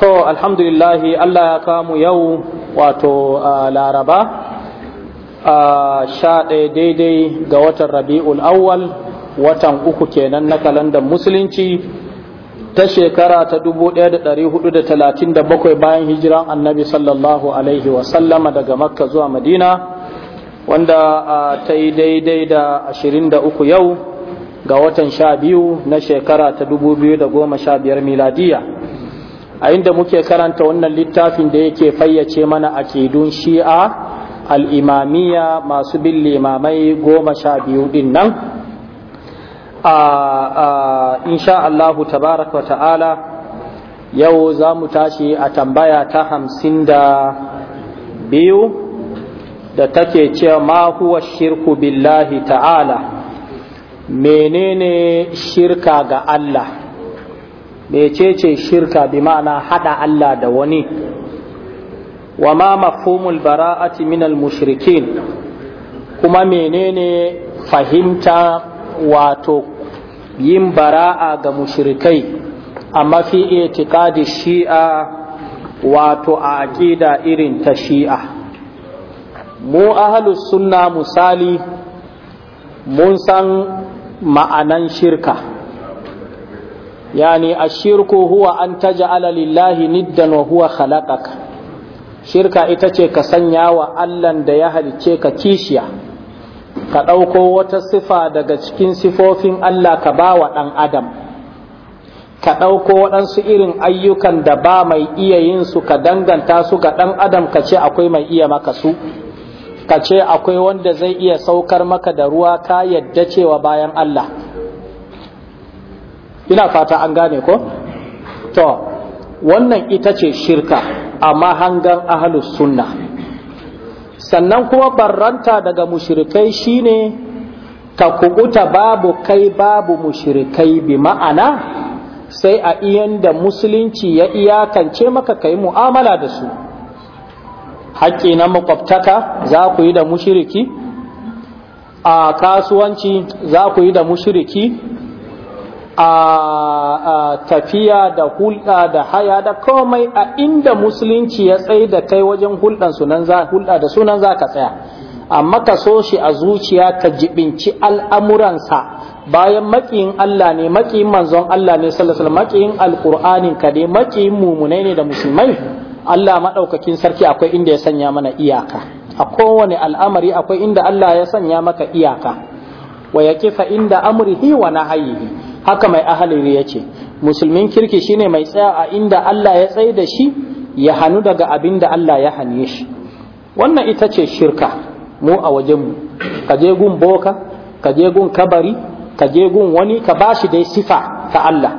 to alhamdulillahi Allah ya kamu yau wato laraba sha ɗaya daidai ga watan rabi'ul awwal watan uku kenan na kalandar musulunci ta shekara ta 1437 bayan hijiran annabi sallallahu alaihi wasallama daga makka zuwa madina wanda ta yi daidai da 23 yau ga watan sha biyu na shekara ta 2015 miladiya a inda muke karanta wannan littafin da yake fayyace mana akidun shi'a al'imamiya masu bin limamai goma sha biyu din nan a insha Allahu tabarak wa ta'ala yau za mu tashi a tambaya ta hamsin da biyu da take ce ma huwa shirku billahi ta'ala menene shirka ga Allah mecece shirka bi ma'ana haɗa Allah da wani wa ma mafhumul bara'ati minal mushrikin kuma menene fahimta wato yin bara'a ga mushrikai a mafi itiqadi shi'a wato a aqida irin ta shi'a mu ahlus sunna misali mun san ma'anan shirka yani ashirku huwa an taj'ala lillahi niddan wa huwa khalaqaka shirka ita ce ka sanya wa Allah da ya halice ka kishiya ka ɗauko wata sifa daga cikin sifofin Allah ka bawa wa ɗan adam ka ɗauko waɗansu irin ayyukan da ba mai iya yin su ka danganta su ga ɗan adam ka ce akwai mai iya maka su ka ce akwai wanda zai iya saukar maka da ruwa ka yadda cewa bayan Allah ina fata an gane ko to wannan ita ce shirka amma hangan ahalus sunna sannan kuma barranta daga mushrikai shine ka kubuta babu kai babu mushrikai bi ma'ana sai a iyan da musulunci ya iyakance maka kai mu'amala da su haƙƙi na makwabtaka za ku yi da mushiriki a kasuwanci za ku yi da mushiriki a tafiya da hulɗa da haya da komai a inda musulunci ya tsaye da kai wajen hulɗan hulɗa da sunan za ka tsaya amma ka so shi a zuciya ka jibinci al'amuransa bayan makiyin Allah ne makiyin manzon Allah ne salasal alaihi makiyin alqur'anin ka ne makiyin mumunai ne da musulmai Allah maɗaukakin sarki akwai inda ya sanya mana iyaka a kowane al'amari akwai inda Allah ya sanya maka iyaka wa kifa inda amrihi wa nahyihi haka mai ahaliri ya ce musulmin kirki shine mai tsaya a inda Allah ya tsaye da shi ya hannu daga abin da Allah ya hane shi wannan ita ce shirka mu a wajenmu ka je gun boka ka je gun kabari ka je gun wani ka bashi dai sifa ta Allah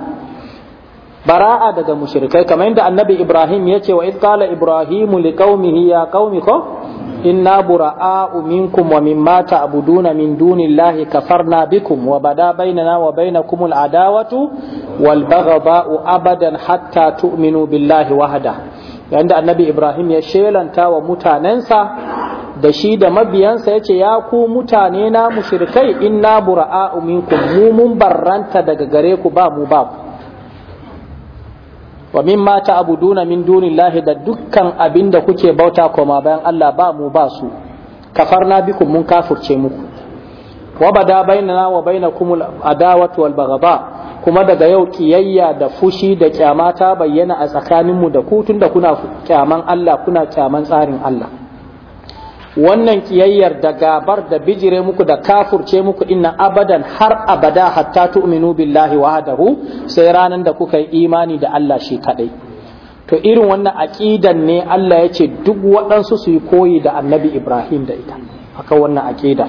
bara'a daga mushrikai kamar inda annabi Ibrahim ya ce wa idh qala ibrahimu liqaumihi ya qaumi ko In na bura'a'u minkum wa mimma ta'buduna min dunillahi kafarna bikum wa bada bainana wa bainakum adawatu wal baghdha'u abadan hatta tu'minu billahi wahda yanda annabi Ibrahim ya shelanta wa mutanensa da shi da mabiyansa ya ce ya ku mutane na mu in na bura'a'u minkum mu mun barranta daga gare ku ba mu ba wa min mimma abuduna min dunillahi da dukkan abinda kuke bauta koma bayan Allah ba mu ba su kafarna bikum mun kafurce muku wa bada bainana wa al adawatu wal baghadha kuma daga yau kiyayya da fushi da kyama ta bayyana a tsakaninmu da ku tunda kuna kyaman Allah kuna kyaman tsarin Allah wannan kiyayyar da gabar da bijire muku da kafurce muku inna abadan har abada hatta tu'minu billahi wahdahu sai ranan da kuka yi imani da Allah shi kadai to irin wannan aqidan ne Allah ya ce duk waɗansu su yi koyi da Annabi Ibrahim da ita akan wannan aqida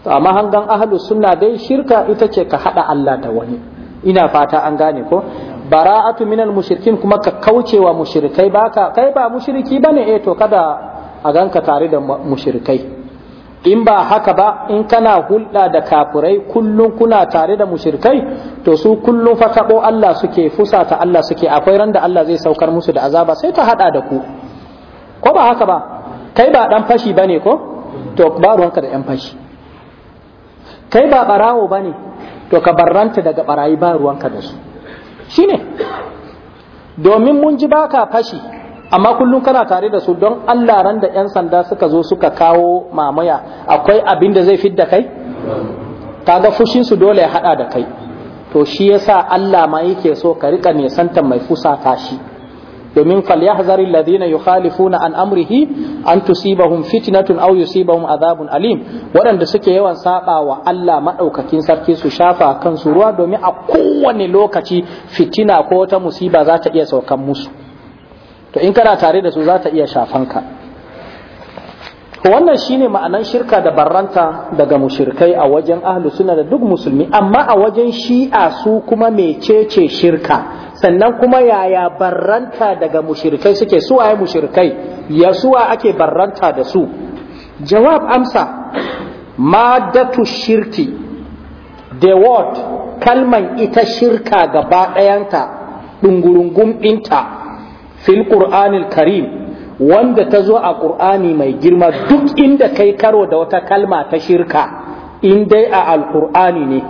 to amma hangan ahlu sunna dai shirka ita ce ka hada Allah da wani ina fata an gane ko bara'atu minal mushrikin kuma ka kaucewa mushrikai baka kai ba mushriki bane eh to kada a ganka tare da mushirkai in ba haka ba in kana hulɗa da kafurai kullum kuna tare da mushirkai to su kullum fa taɓo Allah suke fusata Allah suke akwai ran da Allah zai saukar musu da azaba sai ta haɗa da ku ko ba haka ba kai ba ɗan fashi bane ko to ba ruwanka da ɗan fashi kai ba ɓarawo bane to ka barranta daga ɓarayi ba ruwanka da su shine domin mun ji baka fashi amma kullum kana tare da su don Allah ran da 'yan sanda suka zo suka kawo mamaya akwai abin da zai fidda kai kaga fushin su dole ya haɗa da kai to shi yasa Allah ma yake so ka rika santan mai fusa tashi domin ladina alladhina yukhalifuna an amrihi an tusibahum fitnatun aw yusibahum adhabun alim waɗanda suke yawan saba wa Allah madaukakin sarki su shafa kansu ruwa domin a kowane lokaci fitina ko wata musiba za ta iya saukan musu to in kana tare da su za ta iya shafanka wannan shine ma'anan shirka da barranta daga mushirkai a wajen ahlus sunna da duk musulmi amma a wajen shi'a su kuma mecece shirka sannan kuma yaya barranta daga mushirkai suke su waye mushirkai ya suwa ake barranta da su jawab amsa madatu shirki the word kalman ita shirka gaba ɗayanta ɗungurungun ɗinta fil qur'anil karim wanda ta zo a ƙur'ani mai girma duk inda kai karo da wata kalma ta shirka in dai a alƙur'ani ne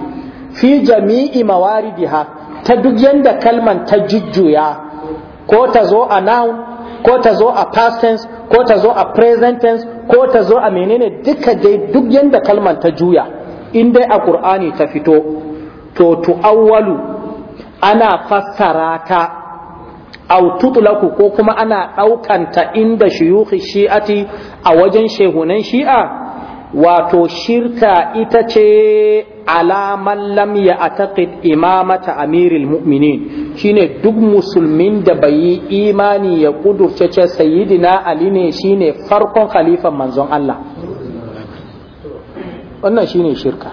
fi jami'i mawaridiha ta duk yanda kalman ta jujjuya ko ta zo a noun ko ta zo a past tense ko ta zo a present tense ko ta zo a menene duka dai duk yanda kalman ta juya in dai a ƙur'ani ta fito to tu'awwalu ana fassara ta aw tutlaku ko kuma ana ɗaukanta inda shuyukhi shi'ati a wajen shehunan shi'a wato shirka ita ce alaman lam ya ataqid imamata amiril mu'minin shine duk musulmin da bai yi imani ya kudurce ce sayyidina ali ne shine farkon khalifan manzon Allah wannan shine shirka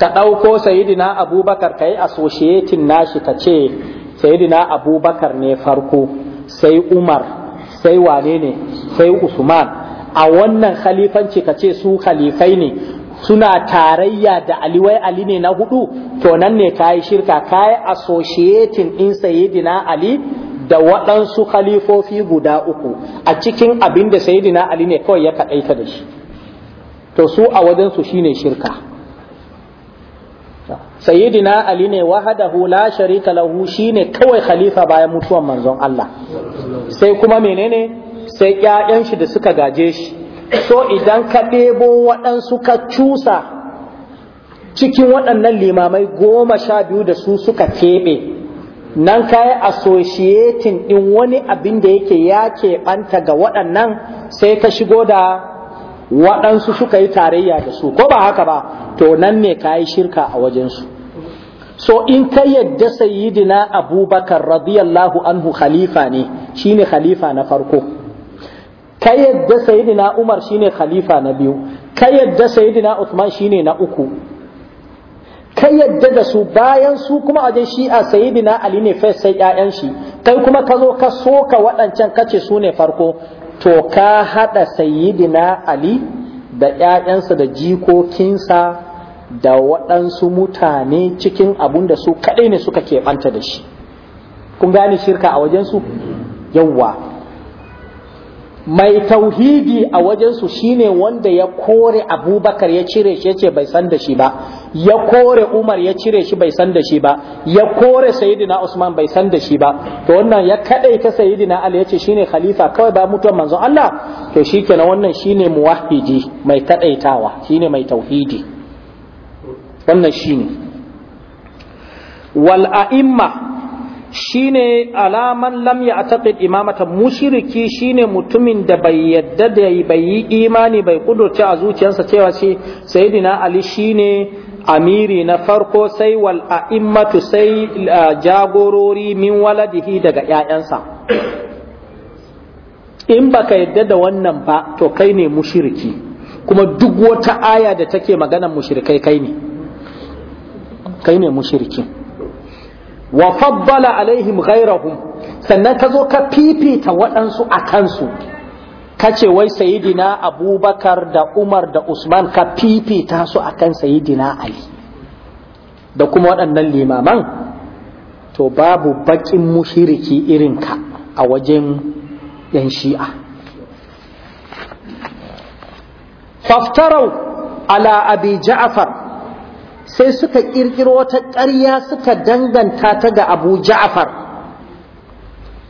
ka ɗauko sayyidina abubakar ka yi associating nashi ka ce sayyidina abubakar ne farko sai umar sai wane ne sai usman a wannan khalifanci ka ce su khalifai ne suna tarayya da Ali, wai ali ne na hudu to nan ne kayi shirka kayi associating in sayyidina ali da waɗansu khalifofi guda uku a cikin abinda da sayyidina ali ne kawai ya kaɗaita da shi to su a wajensu shine shirka sayyidina ali ne wahadahu la sharika lahu shine kawai khalifa bayan mutuwan manzon Allah sai kuma menene sai ƴaƴan shi da suka gaje shi so idan ka ɗebo waɗansu ka cusa cikin waɗannan limamai goma sha biyu da su suka keɓe nan ka yi asosiyetin ɗin wani abin da yake ya keɓanta ga waɗannan sai ka shigo da waɗansu suka yi tarayya da su ko ba haka ba to nan ne ka yi shirka a wajensu so in ka yadda sayidina abubakar radiyallahu anhu khalifa ne shine khalifa na farko ka yadda sayyidina umar shine khalifa na biyu ka yadda sayyidina usman shine na uku ka yadda da su bayan su kuma a shi'a sayyidina ali ne fes sai yayan shi kai kuma ka zo ka soka waɗancan kace su ne farko to ka hada sayyidina ali da ƴaƴansa da jikokinsa da waɗansu mutane cikin abun da su kaɗai ne suka keɓanta da shi kun gane shirka a wajensu yawwa mai tauhidi a wajensu shine wanda ya kore abubakar ya cire shi ce bai san da shi ba ya kore umar ya cire shi bai san da shi ba ya kore sayidina usman bai san da shi ba to wannan ya kadai ta sayidina ali yace shine khalifa kawai ba mutuwar manzon Allah to shikenan wannan shine Muwahidi mai kadaitawa shine mai tauhidi wannan shi ne, wal a'imma ne alaman lam ya ataqid imamata shi ne mutumin da bai yadda da bai yi imani bai kudurce a zuciyarsa cewa ce sayyidina ali shi ne amiri na farko sai wal a'immatu sai jagorori min waladihi daga 'ya'yansa in baka yadda da wannan ba to kai ne mushiriki kuma duk wata aya da take maganar mushirikai kai ne kai ne mushirki wa faddala alaihim ghairahum sannan ka zo ka fifita waɗansu a kansu ka wai sayidina abubakar da umar da usman ka fifita su akan sayidina ali da kuma waɗannan limaman to babu baƙin mushiriki irin ka a wajen yan shi'a faftarau ala abi ja'far sai suka kirkiro wata ƙarya suka danganta ta ga abu ja'far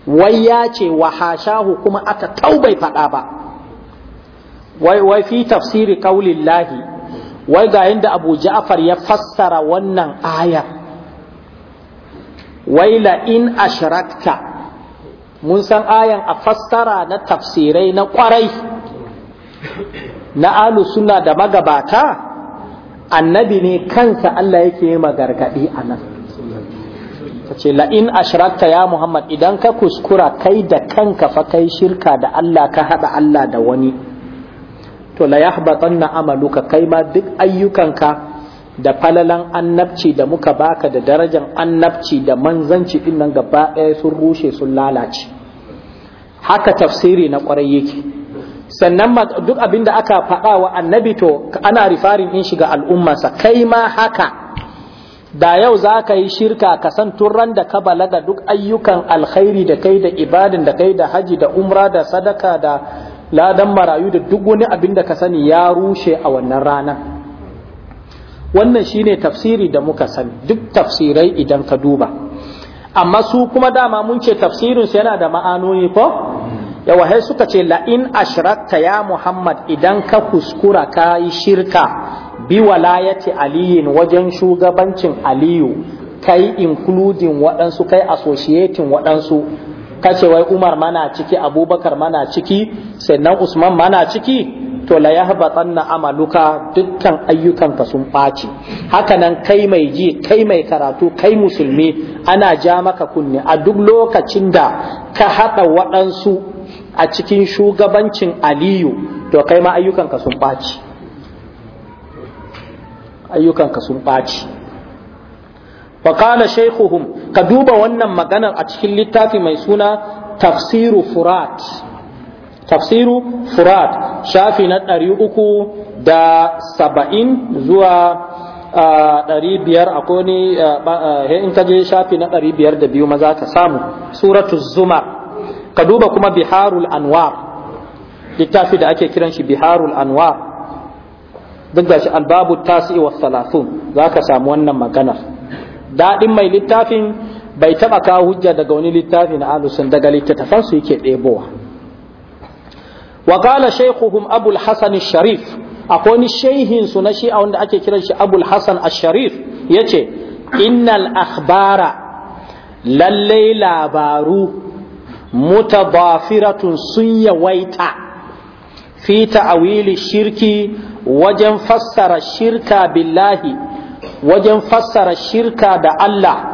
wai ya ce wa hashahu kuma aka taubai faɗa ba wai fi tafsiri kaulin lahi wai ga yadda abu ja'far ya fassara wannan ayar wai la'in in ashrakta mun san ayan a fassara na tafsirai na kwarai na alu suna da magabata annabi ne kansa Allah yake yi magargadi a nan ce la'in ashrakta ya Muhammad idan ka kuskura kai da kanka fa kai shirka da Allah ka haɗa Allah da wani to la yahbatanna ka kai ma duk ayyukanka da falalan annabci da muka baka da darajan annabci da manzanci din nan gaba ɗaya sun rushe sun lalace haka tafsiri na ƙwarai yake sannan duk abin da aka faɗa wa annabi to ana rifarin in shiga al'ummarsa kai ma haka da yau za ka yi shirka ka san turan da ka balaga duk ayyukan alkhairi da kai da ibadin da kai da haji da umra da sadaka da ladan marayu da duk wani abin da ka sani ya rushe a wannan rana wannan shine tafsiri da muka sani duk tafsirai idan ka duba amma su kuma dama mun ce tafsirinsu yana da ma'anoni ko yawa sai suka ce la in ashrakta ya muhammad idan ka kuskura ka yi shirka bi walayati aliyin wajen shugabancin aliyu kai including waɗansu kai associating waɗansu kace wai umar mana ciki abubakar mana ciki sannan usman mana ciki to la yahbatanna amaluka dukkan ayyukanka sun ɓaci hakanan kai mai ji kai mai karatu kai musulmi ana ja maka kunne a duk lokacin da ka haɗa waɗansu a cikin shugabancin aliyu to kai ma ayyukanka sun ɓaci ayyukanka sun ɓaci wa qala ka duba wannan maganar a cikin littafi mai suna tafsiru furat tafsiru furat shafi na ɗari uku da saba'in zuwa ɗari biyar akwai ne in ka je shafi na ɗari biyar da biyu maza ka samu suratu zumar ka duba kuma biharul anwar littafi da ake kiran shi biharul anwar duk da shi albabu tasi wa salafun za ka samu wannan maganar daɗin mai littafin bai taɓa kawo hujja daga wani littafi na alusun daga littattafan su yake ɗebowa wa qala shaykhuhum abul hasan sharif akwai wani shehin su na shi'a wanda ake kiran shi abul hasan sharif yace innal akhbara lallai labaru mutabafiratun sun yawaita fi ta'awili shirki wajen fassara shirka billahi wajen fassara shirka da Allah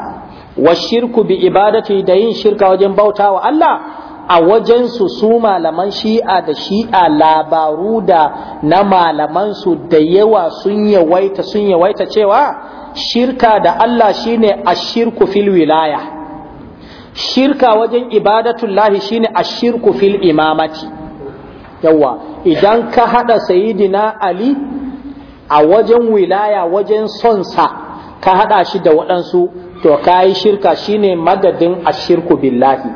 wa shirku bi ibadati da yin shirka wajen bauta wa Allah a wajen su su malaman shi'a da shi'a labaru da na malamansu da yawa sun yawaita sun yawaita cewa shirka da Allah shine ashirku fil wilaya shirka wajen ibadatun lahi shine ashirku fil imamati yawa idan ka hada sayidina ali a wajen wilaya wajen sonsa ka hada shi da waɗansu to kayi shirka shine madadin ashirku billahi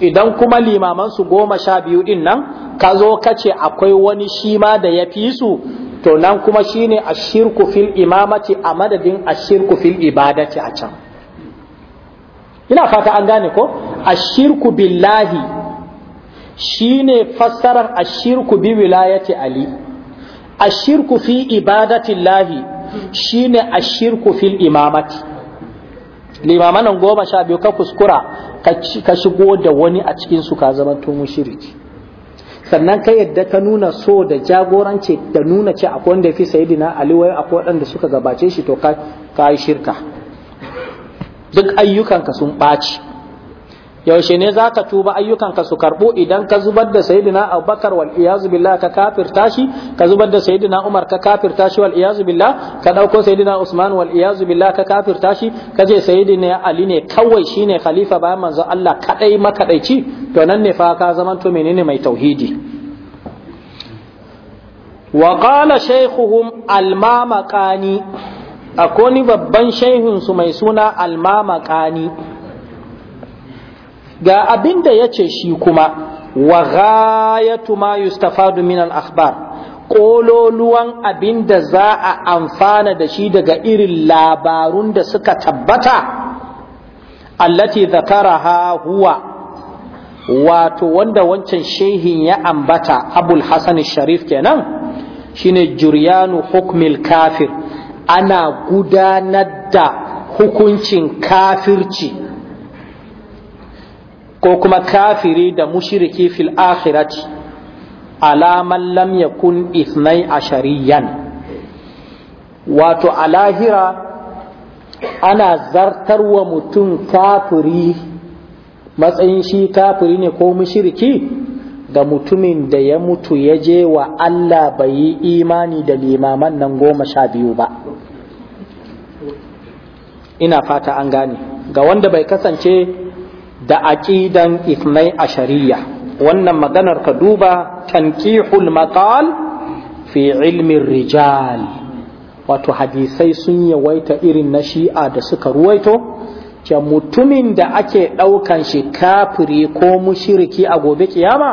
idan kuma limaman su goma sha biyu din nan ka zo ka akwai wani shi ma da ya fi su to nan kuma shine ashirku fil imamati a madadin ashirku fil ibadati a can ina fata an gane ko ashirku billahi shine fassarar ashirku bi wilayati ali ashirku fi ibadati llahi shine ashirku fil imamati goma sha biyu ka kuskura ka shigo da wani a cikin su ka zama to mushriki sannan ka yadda ka nuna so da jagoranci da nuna ce akwai wanda ya fi sayidina ali wai akwai waɗanda suka gabace shi to ka yi shirka duk ayyukanka sun ɓaci yaushe ne za ka tuba ayyukanka su karɓo idan ka zubar da sayidina abubakar wal iyazu billah ka kafirta shi ka zubar da sayidina umar ka kafirta shi wal iyazu billah ka ɗauko sayidina usman wal iyazu billah ka kafirta shi ka je sayidina ali ne kawai shine khalifa bayan manzon Allah kaɗai makaɗaici to nan ne fa ka zaman to menene mai tauhidi wa qala shaykhuhum al akwai babban shaihinsu mai suna almamakani ga abin da ya ce shi kuma wa ghayatu ma yustafadu min al-akhbar kololuwan abin da za a amfana da shi daga irin labarun da suka tabbata allati zakaraha huwa wato wanda wancan shehin ya ambata abul hasan sharif kenan shine juryanu hukmil kafir ana gudanar da hukuncin kafirci ko kuma kafiri da mushiriki fil akhirati alaman lam yakun ithnai ashariyan wato a lahira ana zartarwa mutum kafiri matsayin shi kafiri ne ko mushiriki da mutumin da ya mutu ya je wa Allah bai yi imani da limaman nan goma sha biyu ba ina fata an gane ga wanda bai kasance da aqidan ithnai ashariya wannan maganar ka duba tankihul maqal fi ilmi rijal wato hadisai sun yawaita irin na shi'a da suka ruwaito ce mutumin da ake ɗaukan shi kafiri ko mushiriki a gobe kiyama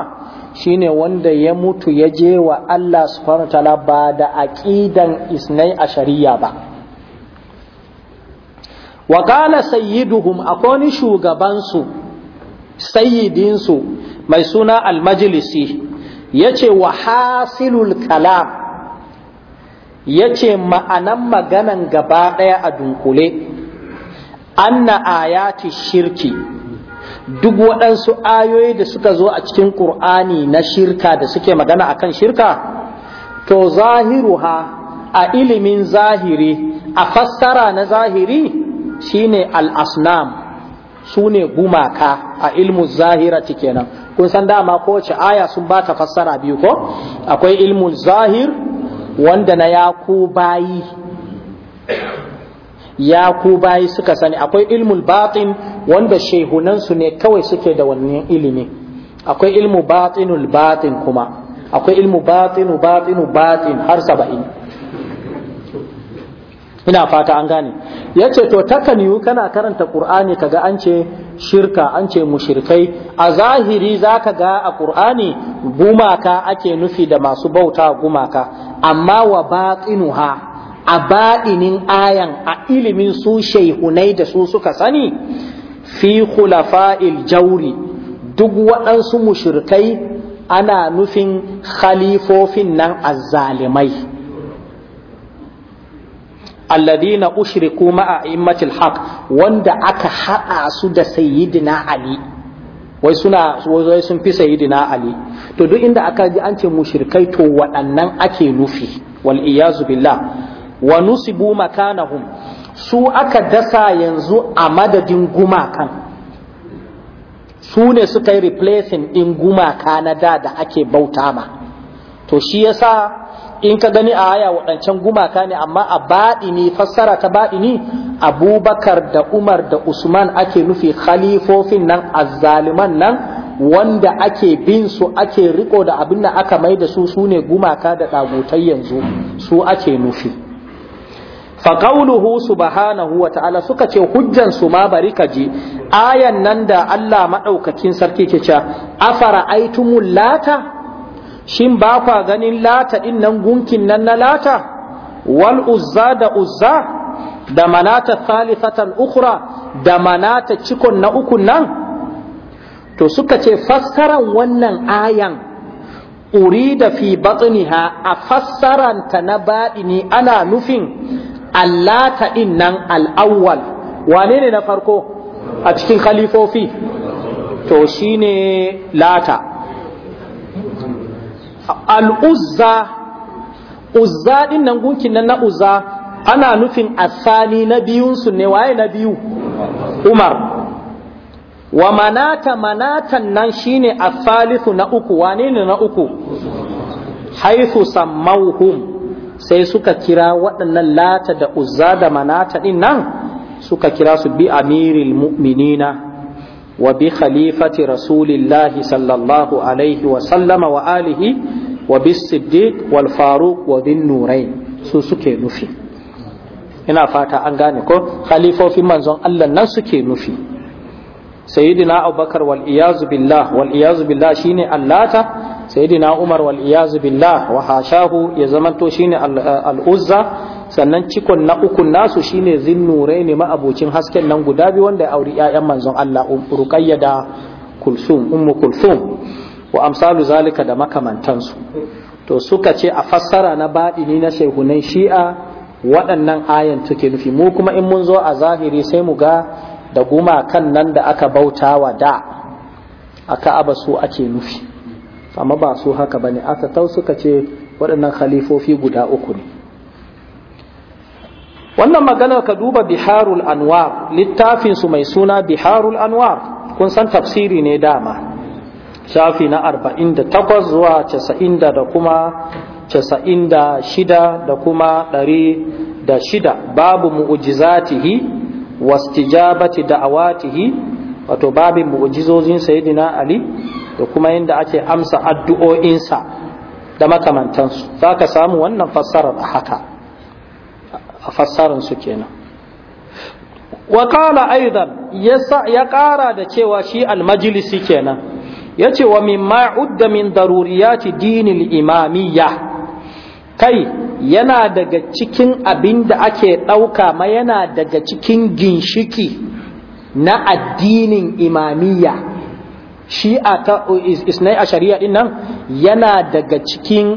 shine wanda ya mutu ya je wa Allah subhanahu wa ta'ala ba da aqidan isnai ashariya ba Waƙala qala sayyiduhum akwai shugabansu sayyidinsu mai suna almajlisi yace wa hasilul kalam yace ma'anan maganan gaba ɗaya a dunkule anna ayati shirki duk waɗansu ayoyi da suka zo a cikin ƙur'ani na shirka da suke magana a kan shirka to zahiru ha, a ilimin zahiri a fassara na zahiri shine al-asnam sune gumaka a ilmu zahirati kenan kun san dama kowace aya sun ba ta fassara biyu ko akwai ilmu zahir wanda na yaku bayi suka sani akwai ilmun batin wanda su ne kawai suke da wannan ilimi akwai ilmu batinul batin kuma akwai ilmu batinu batinu batin har saba'in ina fata an gane ya ce to takan yiwu kana karanta ƙur'ani kaga an ce shirka an ce mushirkai a zahiri za ka ga a ƙur'ani gumaka ake nufi da masu bauta gumaka amma wa baƙinuha a baɗinin ayan a ilimin su shaihunai da su suka sani fi khulafa'il jauri duk waɗansu mushirkai ana nufin khalifofin nan azzalimai alladina ushriku ma'a immatil haq wanda aka haɗa su da sayyidina ali wai suna wai sun fi sayyidina ali to duk inda aka ji an ce mushrikai to waɗannan ake nufi wal iyazu billah wa nusibu makanahum su aka dasa yanzu a madadin gumakan su ne suka yi replacing din gumaka na da da ake bautama? to shi yasa in ka gani a aya waɗancan gumaka ne amma a baɗi baɗini fassara ta baɗini abubakar da umar da usman ake nufi khalifofin nan azzaliman nan wanda ake bin su ake riko da abin da aka mai da su su ne gumaka da ɗagutai yanzu su ake nufi faƙauluhu subhanahu wa ta'ala suka ce hujjan su ma bari ka je ayan nan da Allah maɗaukakin sarki ke cewa afara aitumun lata shin ba kwa ganin lata ɗin nan gunkin nan na lata wal uzza da uzza da manata thalithatan ukura da manata cikon na ukunnan? nan to suka ce fassaran wannan ayan urida fi batniha a fassaranta na baɗini ana nufin allata ɗin nan al'awwal wane ne na farko a cikin khalifofi to shine lata al'uzza uzza ɗin nan gunkin nan na uzza ana nufin asali na biyunsu ne waye na biyu umar wa manata manatan nan shine asalisu na uku wane ne na uku haithu sammauhum sai suka kira waɗannan lata da uzza da manata ɗin nan suka kira su bi amiril mu'minina khalifati رسول الله صلى الله عليه وسلم وآله wa bis siddiq wal faruq wa bin nurain su suke nufi ina fata an gane ko khalifofin manzon Allah nan suke nufi sayyidina abubakar wal iyazu billah wal iyazu billah shine allata sayyidina umar wal iyazu billah wa hashahu ya zamanto shine al eh, uzza sannan cikon na ukun nasu shine zinnurai ne ma'abocin hasken nan guda biyu wanda ya auri 'ya'yan manzon Allah um, ruqayya da kulsum ummu kulsum wa amsalu zalika da makamantansu to suka ce a fassara na baɗini na shehunan shi'a waɗannan ayan take nufi mu kuma in mun zo a zahiri sai mu ga da guma kan nan da aka bauta wa da aka aba su ake nufi amma ba su haka ba ne aka tau suka ce waɗannan khalifofi guda uku ne wannan magana ka duba biharul anwar littafinsu mai suna biharul anwar kun san tafsiri ne dama shafi na arba'in da takwas zuwa casa'in da kuma casa'in da shida da kuma ɗari da shida babu mu'ujizatihi wastijabati da'awatihi wato babin mu'ujizozin sayyidina ali da kuma yadda ake amsa addu'o'insa da makamantansu za ka samu wannan fassarar a haka a fassararsu kenan wa kala aidan ya ƙara da cewa shi almajlisi kenan ya ce wa mimma udda min daruriyati dinil imamiyya kai yana daga cikin abin da ake ɗauka ma yana daga cikin ginshiki na addinin imamiyya shi'a ta isnai a shari'a din nan yana daga cikin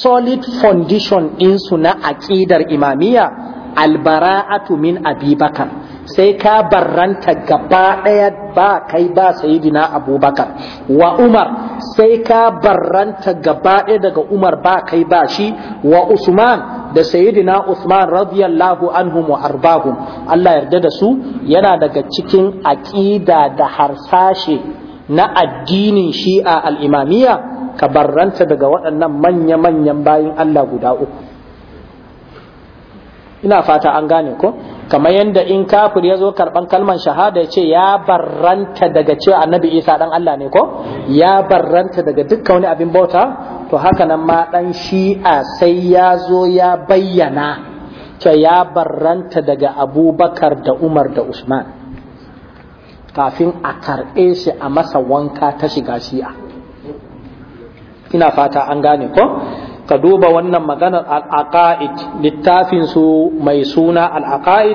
solid foundation ɗinsu na aƙidar imamiyya albara'atu min abubakar sai ka barranta gaba ɗaya ba kai ba sayidina abubakar wa umar sai ka barranta gaba ɗaya daga umar ba kai ba shi wa usman da sayidina usman radiyallahu anhum wa arbahum Allah yarda da su yana daga cikin aƙida da harsashe na addinin shi'a al'imamiya ka barranta daga waɗannan manya-manyan bayin Allah guda uku ina fata an gane ko kamar yadda in kafir ya zo karban kalman shahada ya ce ya barranta daga cewa annabi isa dan Allah ne ko ya barranta daga duka wani abin bauta to haka nan ma dan shi'a sai ya zo ya bayyana ce ya barranta daga abubakar da umar da usman kafin a karɓe shi a masa wanka ta shiga shi'a ina fata an gane ko ka duba wannan maganar al littafin su mai suna al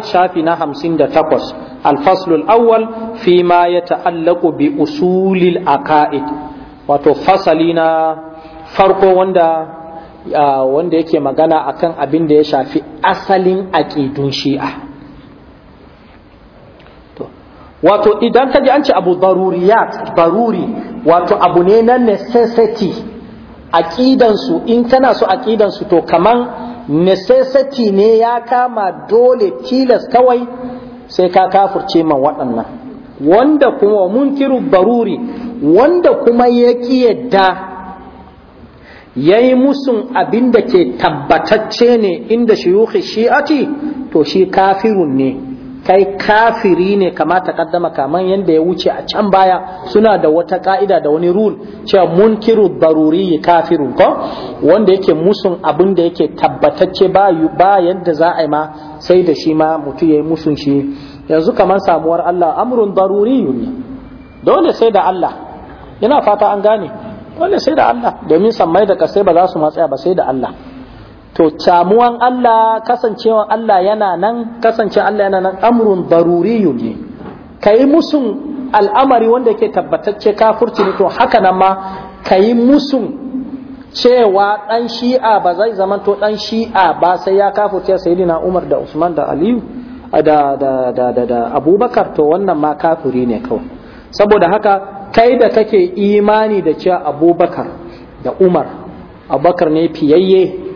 shafi na 58 da takwas al-awwal fi ma ta'allaku bi usulil aqaid wato fasali na farko wanda wanda yake magana akan abin da ya shafi asalin aqidun shi'a wato idan ka ji an ce abu daruriyat baruri wato abu ne na necessity aƙidansu in kana so aƙidansu to kaman necessity ne ya kama dole tilas kawai sai ka kafurce man waɗannan wanda kuma munkiru baruri wanda kuma ya ƙi yadda ya yi musun abin da ke tabbatacce ne inda shi shi'ati to shi kafirun ne kai kafiri ne kamata kaddama kaman yanda ya wuce a can baya suna da wata ka'ida da wani rule cewa munkiru daruri kafirun ko wanda yake musun abin da yake tabbatacce ba ba yadda za a yi ma sai da shi ma mutum yayi musun shi yanzu kaman samuwar Allah amrun baruri ne dole sai da Allah ina fata an gane dole sai da Allah domin sammai da kasai ba za su matsaya ba sai da Allah to camuwan Allah kasancewan Allah yana nan kasance Allah yana nan amrun daruriyun ne Ka yi musun al'amari wanda yake tabbatacce kafurci ne to haka nan ma yi musun cewa ɗan shi'a ba zai zamanto ɗan shi'a ba sai ya kafurce sayyidina Umar da Usman da Aliyu da da da da, Abubakar to wannan ma kafuri ne kawai saboda haka kai da kake imani da cewa Abubakar da Umar Abubakar ne fiyayye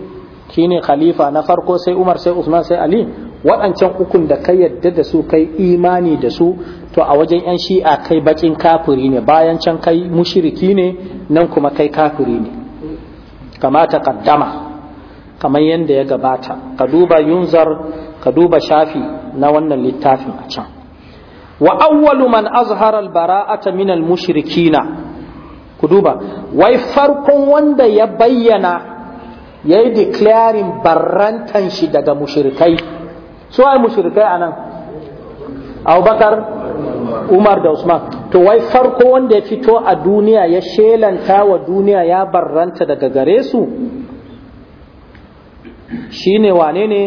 shine khalifa na farko sai Umar sai Usman sai Ali waɗancan ukun da kai yadda da su kai imani da su to a wajen yan shi'a kai bakin kafiri ne bayan can kai mushriki ne nan kuma kai kafiri ne kama ta kaddama kamar yadda ya gabata ka duba yunzar ka duba shafi na wannan littafin a can wa awwalu man azhara al-bara'ata min al-mushrikina ku duba wai farkon wanda ya bayyana ya yi declaring barrantan shi daga mushirikai su ai mushirikai a nan abubakar umar da usman to wai farko wanda ya fito a duniya ya shelanta wa duniya ya barranta daga gare su shine wane ne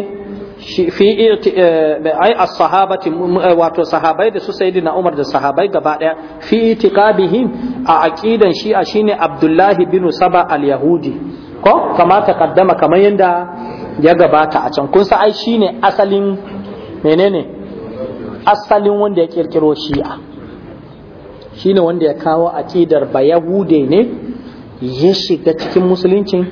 fi eh, ai as-sahabati eh, wato sahabai da su sayyidina Umar da sahabai gaba daya fi itiqabihim a aqidan shi'a shine Abdullahi bin Saba al-Yahudi ko kama takaddama kamar yadda ya gabata a can kun sa ai shine asalin menene asalin wanda ya kirkiro shi'a shine wanda ya kawo aqidar ba yahude ne ya shiga cikin musuluncin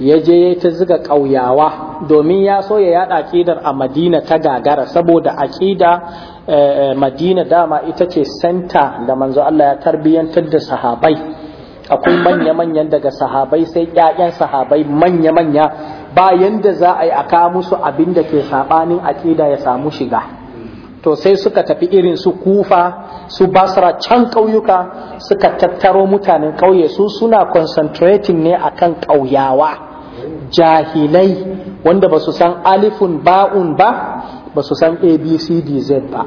ya je ya ta ziga ƙauyawa domin ya so ya yada aqidar a madina ta gagara saboda aqida eh, eh, madina dama ita ce center da manzo Allah ya tarbiyyantar da sahabai akwai manya-manyan daga sahabai sai ƴaƴan sahabai manya-manya ba yanda za a yi a kawo musu abin da ke saɓanin aƙida ya samu shiga to sai suka tafi irin su kufa su basra can ƙauyuka suka tattaro mutanen ƙauye su suna concentrating ne akan ƙauyawa jahilai wanda ba su san alifun ba'un ba ba su san Z ba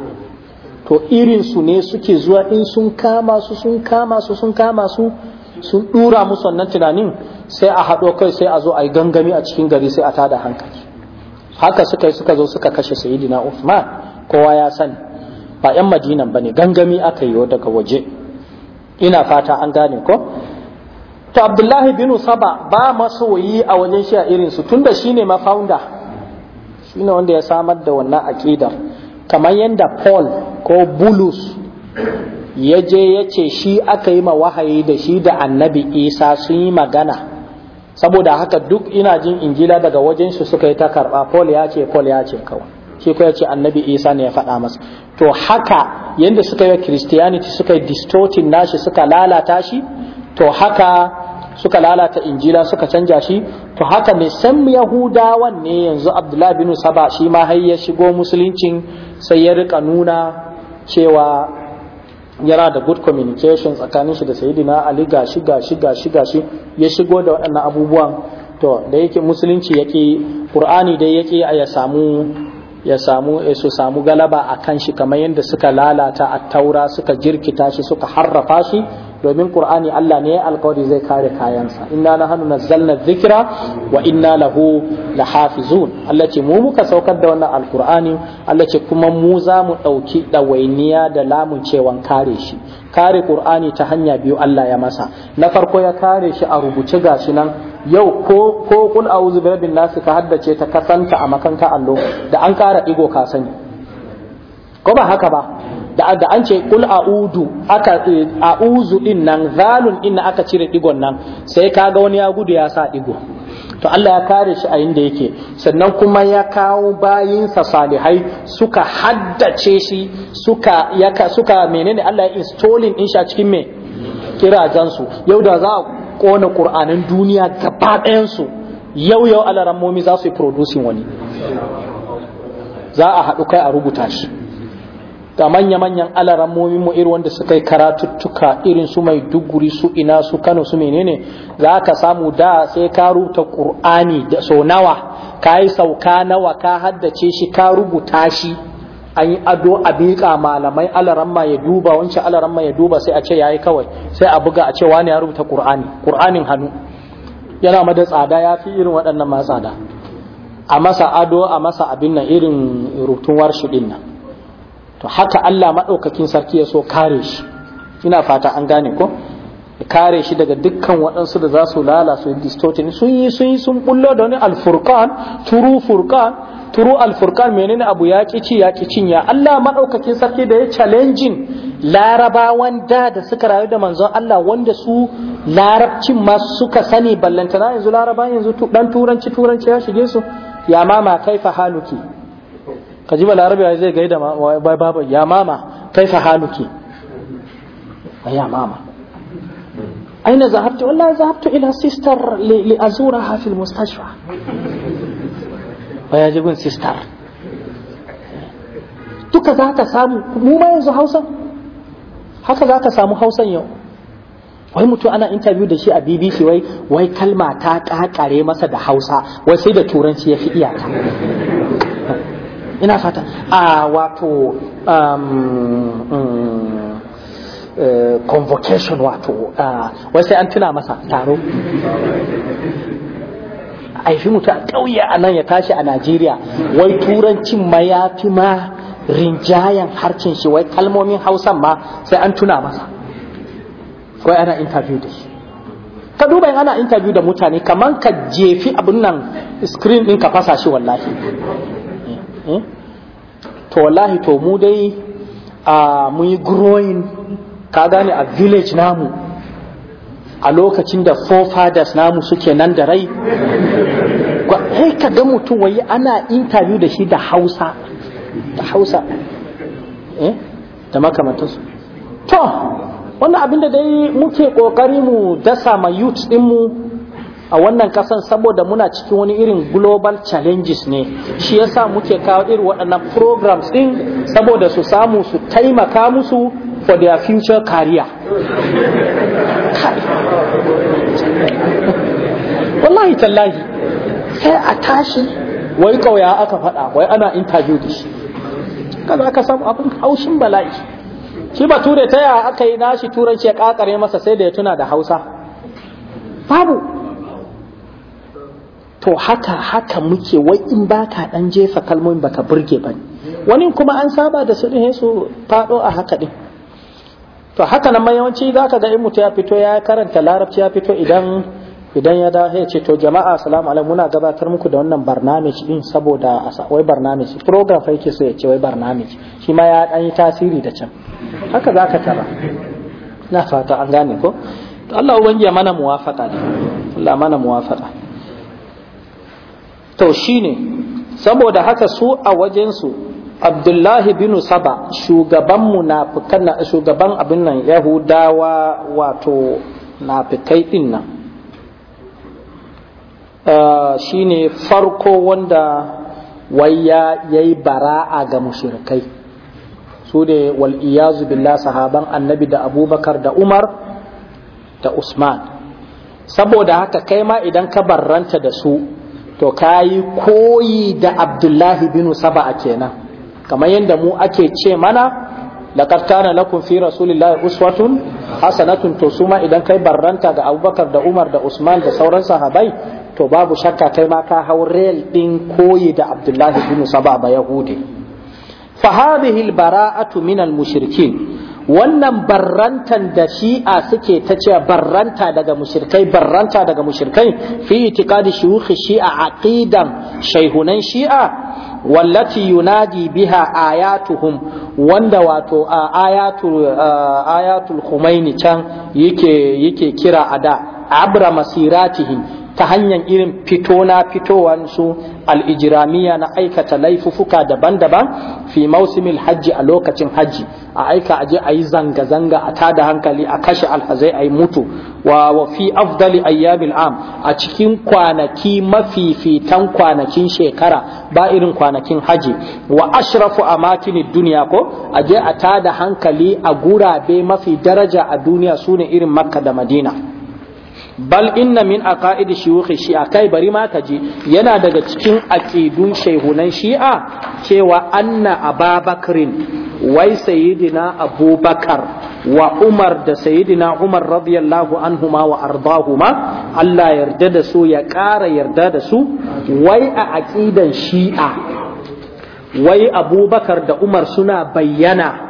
to irin su ne suke zuwa in sun kama su sun kama su sun kama su sun dura musu wannan tunanin sai a haɗo kai sai a zo a yi gangami a cikin gari sai a tada hankali haka suka yi suka zo suka kashe sayidina Usman kowa ya sani ba 'yan madinan bane gangami aka yi daga waje ina fata an gane ko to abdullahi bin saba ba masoyi a wajen shi a irin su tunda shine ma founder shine wanda ya samar da wannan aqidar kamar yadda paul ko bulus ya je ya ce shi aka yi ma wahayi da shi da annabi isa sun yi magana saboda haka duk ina jin injila daga wajen su suka yi ta karba paul ya ce paul ya ce kawai shi ko ya ce annabi isa ne ya faɗa masa to haka yadda suka yi christianity suka yi distorting nashi suka lalata shi to haka suka lalata injila suka canja shi to haka mai san yahudawan ne yanzu abdullahi bin saba shi ma har ya shigo musuluncin sai ya rika nuna cewa yana da good communication tsakanin shi da sayidina ali gashi gashi gashi gashi ya shigo da waɗannan abubuwan to da yake musulunci yake qur'ani dai yake ya samu ya samu su samu galaba a kan shi kamar yadda suka lalata a taura suka jirkita shi suka harrafa shi domin qur'ani Allah ne ya alƙawari zai kare kayansa inna nahnu nazzalna dhikra wa inna lahu lahafizun Allah ce mu muka saukar da wannan alƙur'ani Allah ce kuma mu za mu ɗauki ɗawainiya da lamun cewan kare shi kare qur'ani ta hanya biyu Allah ya masa na farko ya kare shi a rubuce gashi nan yau ko ko kul a'udhu bi rabbin nas ka haddace ta kasanta a makanka allo da an kara digo ka sani ko ba haka ba da da an ce kul a'udu aka e, a'uzu din nan zalun inna aka cire digon nan sai kaga wani ya gudu ya sa digo to Allah ya kare shi a inda yake sannan kuma ya kawo bayinsa salihai suka haddace shi suka ka suka menene Allah ya installing din sha cikin me su yau da za a kona qur'anin duniya gaba ɗayan su yau yau alarammomi za su yi producing wani za a haɗu kai a rubuta shi ga manya-manyan momin mu irin wanda suka yi karatuttuka irin su mai duguri su ina su kano su menene za ka samu da sai ka rubuta qur'ani da so nawa ka yi sauka nawa ka haddace shi ka rubuta shi an yi ado a biƙa malamai ma ya duba wancan ma ya duba sai a ce yayi kawai sai a buga a ce wani ya rubuta qur'ani qur'anin hannu yana mada tsada ya fi irin waɗannan ma tsada a masa ado a masa abin nan irin rubutun warshi din nan to haka Allah maɗaukakin sarki ya so kare shi ina fata an gane ko kare shi daga dukkan waɗansu da za su lala su yi distortion sun yi sun yi sun bullo da wani alfurkan turu furkan turu alfurkan menene abu ya ci ya cin ya Allah maɗaukakin sarki da ya calenjin larabawan da da suka rayu da manzon Allah wanda su larabcin ma suka sani ballantana yanzu larabawan yanzu dan turanci turanci ya shige su ya mama kaifa haluki ka ji balarabe zai gaida bai babu ya mama kai fa haluki ya mama aina zahabtu wallahi zahabtu ila sister li azuraha fil mustashfa ya je gun sister duka za ka samu mu ma yanzu hausa haka za ka samu hausan yau wai mutum ana interview da shi a bbc wai wai kalma ta kakare masa da hausa wai sai da turanci ya fi iyaka ina fata a wato um, mm, eh, convocation wato wai sai an tuna masa taro fi mutu a ƙauye a nan ya tashi a najeriya wai turancin ma ya fi ma rinjayen harcin shi wai kalmomin hausan ma sai an tuna masa wai ana interview da shi ka duba in ana interview da mutane kamar ka jefi abin nan screen ɗin ka fasa shi wallahi Hmm? to wallahi to mu dai a muyi yi growing ka gane a village namu a lokacin da forefathers namu suke nan da rai sai ka ga mutum waye ana interview da shi da hausa da hausa eh da to wannan abin da dai muke kokari mu dasa ma youth mu. a wannan kasan saboda muna cikin wani irin global challenges ne shi yasa muke kawo irin waɗannan programs ɗin saboda su samu su taimaka musu for their future career wallahi tallahi sai a tashi wai ƙauya aka faɗa wai ana interview da shi kaza ka samu abin haushin bala'i shi bature ta yaya aka yi nashi turanci ya ƙaƙare masa sai da ya tuna da hausa babu to haka haka muke wai in baka dan jefa kalmomin baka burge bane wani kuma an saba da su din su fado a haka din to haka nan mai yawanci zaka ga in mutu ya fito ya karanta larabci ya fito idan idan ya dawo ya ce to jama'a assalamu alaikum muna gabatar muku da wannan barnamij din saboda wai barnamij program fa yake so ya ce wai barnamij shi ma ya dan yi tasiri da can haka zaka tara na fata an gane ko to Allah ubangiya mana muwafaqa Allah mana muwafaqa to shine saboda haka su a wajensu abdullahi bin saba shugaban munafikan na shugaban abin nan yahudawa wato nafikai din nan eh, shine farko wanda waya yayi bara'a ga mushrikai su ne wal billah sahaban annabi da abubakar da umar da usman saboda haka kai ma idan ka barranta da su to kayi koyi da abdullahi binu saba a kenan kamar yadda mu ake ce mana laqad kana lakum fi rasulillahi uswatun hasanatun to suma idan kai barranta ga abubakar da umar da usman da sauran sahabai to babu shakka kai ma ka hau rel din koyi da abdullahi binu saba ba yahudi fa hadhihi bara'atu min mushrikin wannan barrantan da shi'a suke ta ce barranta daga mushirkai barranta daga mushirkai fi itiqadi shuyukh shi'a aqidan shaihunan shi'a wallati yunadi biha ayatuhum wanda wato ayatul ayatul khumaini can yake yake kira ada abra masiratihim ta hanyar irin fito na fitowansu al'ijiramiya na aikata laifufuka daban-daban fi mausimin hajji a lokacin hajji a aika aje a yi zanga-zanga a tada hankali a kashe alhazai a yi mutu wa fi afdali ayyamil am a cikin kwanaki mafifitan kwanakin shekara ba irin kwanakin hajji wa ashrafu amakin duniya ko aje a tada hankali a gurabe mafi daraja a duniya sune irin makka da madina bal inna min aqaid shuyukh shi'a kai bari ma ka je. yana daga cikin aqidun shehunan shi'a cewa anna ababakrin wai sayyidina abubakar wa umar da sayyidina umar radiyallahu anhuma wa ardahuma Allah yarda da su ya ƙara yarda da su wai a aqidan shi'a wai abubakar da umar suna bayyana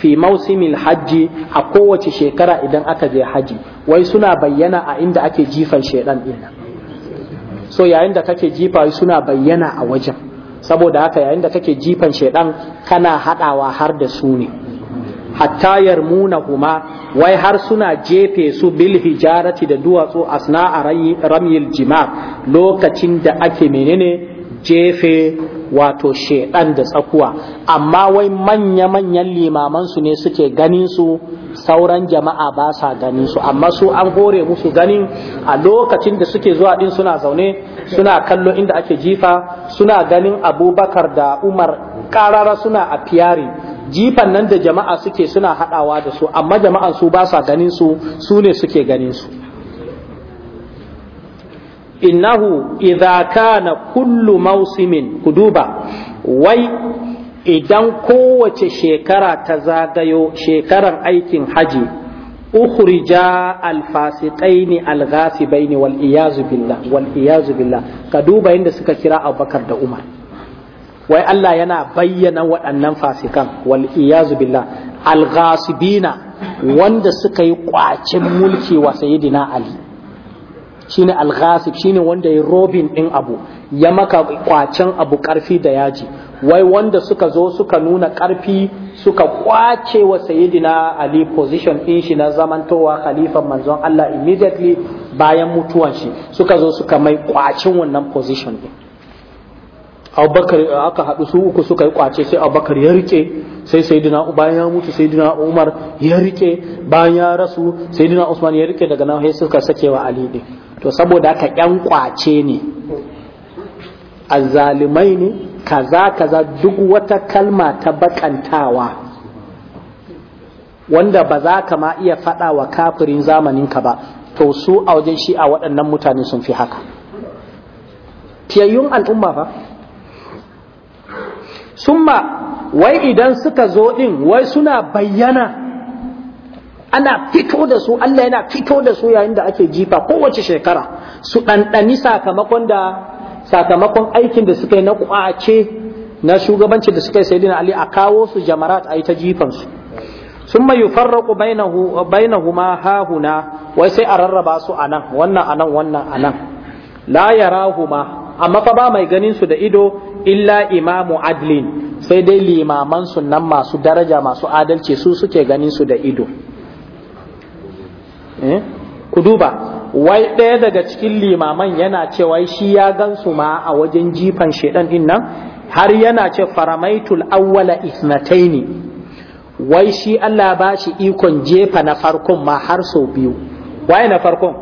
fi mausimin hajji a kowace shekara idan aka je hajji wai suna bayyana a inda ake jifan shaidan din so yayin da kake jifa suna bayyana a wajen saboda haka yayin da kake jifan shaidan kana hadawa har da su ne hatta yarmuna kuma wai har suna jefe su bil hijarati da duwatsu asna a ramyil jimar lokacin da ake menene jefe wato shedan da tsakuwa amma wai manya-manyan limamansu ne suke ganin su sauran jama'a ba sa ganin su amma su an hore musu ganin a lokacin da suke zuwa din suna zaune suna kallo inda ake jifa suna ganin abubakar da umar karara suna a fiyari jifan nan da jama'a suke suna hadawa da su amma jama'an su ba sa ganin su su ne suke ganin su innahu idza kana kullu mausimin ku duba wai idan kowace shekara ta zagayo shekarar aikin haji ukhrija alfasiqaini alghasibaini wal iyazu billah wal iyazu billah ka duba inda suka kira Abubakar da Umar wai Allah yana bayyana waɗannan fasikan wal iyazu billah alghasibina wanda suka yi kwacin mulki wa sayyidina Ali shine al-ghasib shine wanda ya robin din abu ya maka kwacen abu karfi da yaji wai wanda suka zo suka nuna karfi suka kwace wa sayyidina ali position din shi na towa khalifan manzon Allah immediately bayan mutuwan shi suka zo suka mai kwacin wannan position din abubakar aka haɗu su uku suka yi kwace sai abubakar ya rike sai Sayyidina bayan ya mutu Sayyidina umar ya rike bayan ya rasu Sayyidina usman ya rike daga nan sai suka sakewa wa ali din to saboda haka ƴan kwace ne azzalimai ne kaza kaza duk wata kalma ta bakantawa wanda ba za ka ma iya faɗa wa kafirin ka ba to su a wajen shi a waɗannan mutane sun fi haka fiyayyun al'umma sun ma wai idan suka zo ɗin wai suna bayyana ana fito da su Allah yana fito da su yayin da ake jifa kowace shekara su ɗanɗani sakamakon da sakamakon aikin da suka yi na kwace na shugabanci da suka yi sayyidina Ali a kawo su jamarat ayi ta jifan su sun mai yufarraku bainahu ma hahuna wai sai a rarraba su anan wannan anan wannan anan la yarahuma amma fa ba mai ganin su da ido illa imamu adlin sai dai limaman sunan masu daraja masu adalci su suke ganin su da ido Hmm? ku duba wai ɗaya daga cikin limaman yana cewa shi ya gan su ma a wajen jifan shedan din nan har yana ce faramaitul awwala ithnataini wai shi Allah ba shi ikon jefa na farkon ma har sau biyu waye na farkon